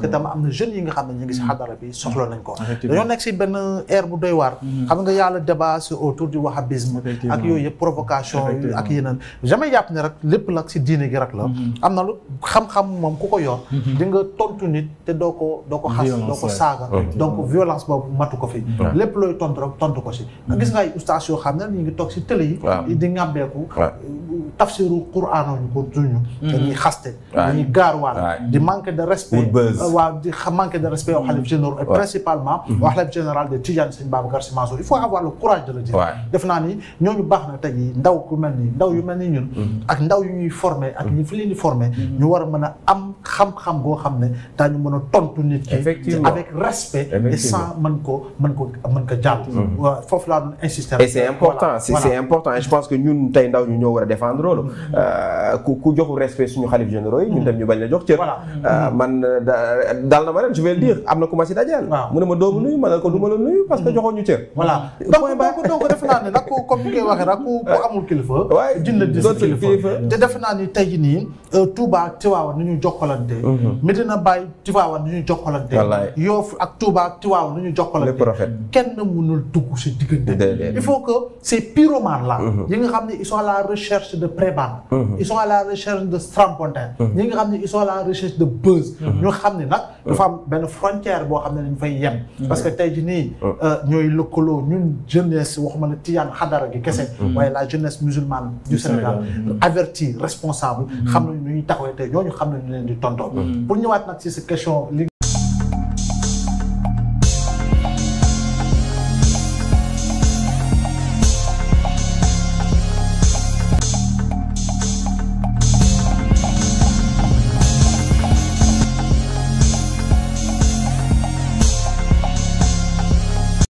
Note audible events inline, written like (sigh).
parce que mm. tam ñu ngi si mm. ko dañoo nekk si benn air bu doy waar mm. xam nga yàlla débat si autour du wahhabisme ak yooyu yëpp provocation ak yeneen jamais la diine gi rek la mm-hmm. am na lu xam-xam moom ku ko yor mm-hmm. di nga tontu nit te doo ko doo ko xas doo ko saaga donc violence boobu matu ko fi lépp looy tontu rek tontu ko si gis nga ay ustaas yoo xam ne ñu ngi toog si télé di ngàmbeeku tafsiru quraan ñu ko duñu dañuy mhm. xaste dañuy gaaruwaal di manque de respect euh, waaw di manque de respect aux xalif généraux et principalement mhm. aux xalif général de Tidiane Sëñ Babacar Sy Mansour il faut avoir le courage de le dire def naa ni ñooñu baax na tey ndaw ku mel ni ndaw yu mel ni ñun mhm. ak ndaw yu ñuy formé ak ñu fi leen di formé ñu war a mën a am xam-xam goo xam ne taa ñu mën a tontu nit ki avec respect et sans mën ko mën ko mën ko jàpp foofu laa doon insister et c'est important c'est important je pense que ñun tey ndaw ñu ñoo war a rôle mm-hmm. euh, ku ku joxul respect suñu xalif généraux yi ñun tam ñu bañ la jox cër euh, mm-hmm. man euh, daal na ma ren je vais le dire mm-hmm. am na ku ma si dajeel mu ne ma doomu nuyu ma ko du la nuyu parce que joxoon ñu cër voilà donc donc defe naa ne nag ni ngay waxee nag ku amul kilifa waaye (laughs) dina di sa kilifa te defe naa ni tey nii Touba Tiwaawan ni ñu jokkalante Medina Baye Tiwaawan ni ñu jokkalante Yoff ak Touba Tiwaawan ni ñu jokkalante kenn mënul dugg si diggante il faut que ces pyromanes là yi nga xam ne ils la recherche de prébande mm-hmm. ils sont à la recherche de strapontin mm-hmm. ñi nga xam ne ils sont à la recherche de buzz mm-hmm. ñu xam ne nag dafa am benn frontière boo xam ne dañ fay yem parce que tey ji nii euh, ñooy lëkkaloo ñun jeunesse waxuma la tiyaan xadara gi kese waaye la jeunesse musulmane du Sénégal averti responsable xam nañ nu ñuy taxawee tey ñooñu xam ne ñu leen di tontoo pour ñëwaat nag si sa question